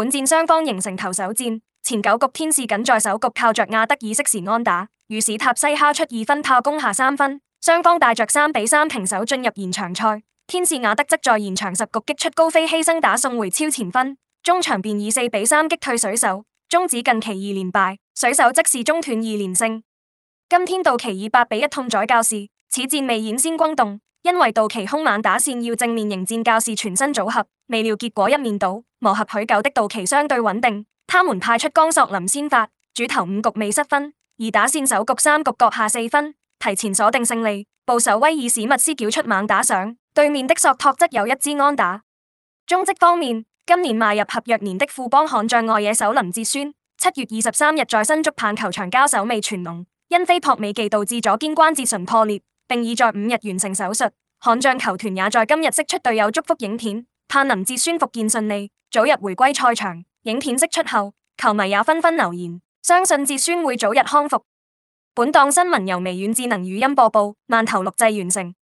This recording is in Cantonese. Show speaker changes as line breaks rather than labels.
本戰雙方形成投手戰，前九局天使僅在首局靠着亞德以適時安打，於是塔西哈出二分炮攻下三分，雙方帶着三比三平手進入延長賽。天使亞德則在延長十局擊出高飛犧牲打送回超前分，中場便以四比三擊退水手，終止近期二連敗。水手則是中斷二連勝，今天道奇以八比一痛宰教士，此戰未演先轟動。因為道奇凶猛打線，要正面迎戰教士全新組合，未料結果一面倒。磨合許久的道奇相對穩定，他們派出岡索林先發，主投五局未失分，而打線首局三局各下四分，提前鎖定勝利。捕手威爾史密斯繳出猛打賞，對面的索托則有一支安打。中職方面，今年邁入合約年的富邦悍將外野手林哲瑄，七月二十三日在新竹棒球場交手味全龍，因飛撲美技導致左肩關節唇破裂。並已在五日完成手術，悍將球團也在今日釋出隊友祝福影片，盼林志宣复健順利，早日回歸賽場。影片釋出後，球迷也紛紛留言，相信志宣會早日康復。本檔新聞由微軟智能語音播報，慢頭錄製完成。